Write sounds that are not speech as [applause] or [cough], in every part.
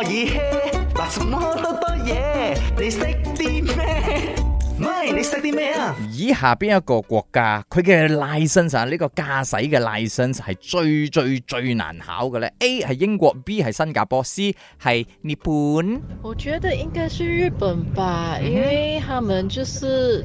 我你識啲咩？咪你識啲咩啊？咦， [music] 以下邊一個國家，佢嘅 license 呢個駕駛嘅 license 係最最最難考嘅呢？A 係英國，B 係新加坡，C 係日本。我覺得應該是日本吧，因為他們就是。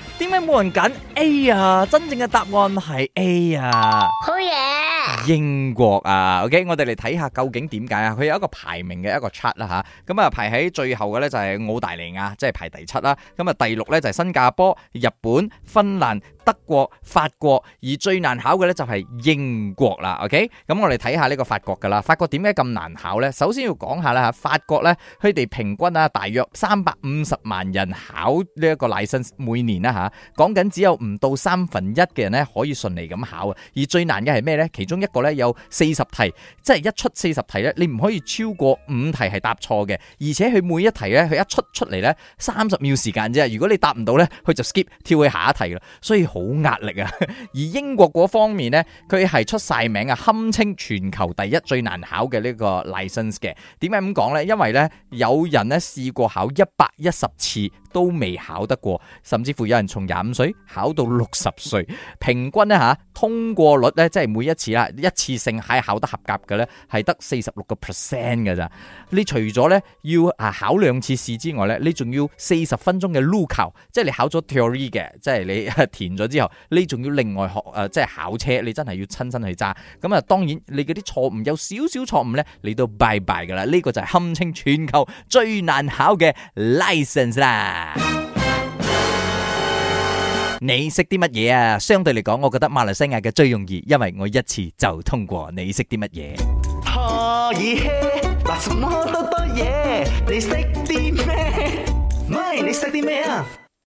點解冇人揀 A 啊？真正嘅答案係 A 啊！好嘢。英國啊，OK，我哋嚟睇下究竟點解啊？佢有一個排名嘅一個 chart 啦吓，咁啊排喺最後嘅咧就係澳大利亞，即係排第七啦。咁啊第六咧就係新加坡、日本、芬蘭、德國、法國，而最難考嘅咧就係英國啦。OK，咁我哋睇下呢個法國噶啦，法國點解咁難考咧？首先要講下啦吓，法國咧佢哋平均啊大約三百五十萬人考呢一個 license，每年啦吓，講緊只有唔到三分一嘅人咧可以順利咁考啊，而最難嘅係咩咧？其中其中一個咧，有四十題，即係一出四十題咧，你唔可以超過五題係答錯嘅，而且佢每一題咧，佢一出出嚟，咧三十秒時間啫。如果你答唔到咧，佢就 skip 跳去下一題啦，所以好壓力啊。 [laughs] 而英國嗰方面呢，佢係出晒名啊，堪稱全球第一最難考嘅呢個 license 嘅。點解咁講呢？因為呢，有人呢試過考一百一十次都未考得過，甚至乎有人從廿五歲考到六十歲，平均呢。吓。通過率咧，即係每一次啦，一次性係考得合格嘅咧，係得四十六個 percent 㗎咋？你除咗咧要啊考兩次試之外咧，你仲要四十分鐘嘅 lookout，即係你考咗 theory 嘅，即係你填咗之後，你仲要另外學誒，即係考車，你真係要親身去揸。咁啊，當然你嗰啲錯誤有少少錯誤咧，你都拜拜噶啦。呢個就係堪稱全球最難考嘅 license 啦。你識啲乜嘢啊？相對嚟講，我覺得馬來西亞嘅最容易，因為我一次就通過。你識啲乜嘢？可以，但什麼多多嘢？你識啲咩？咪你識啲咩啊？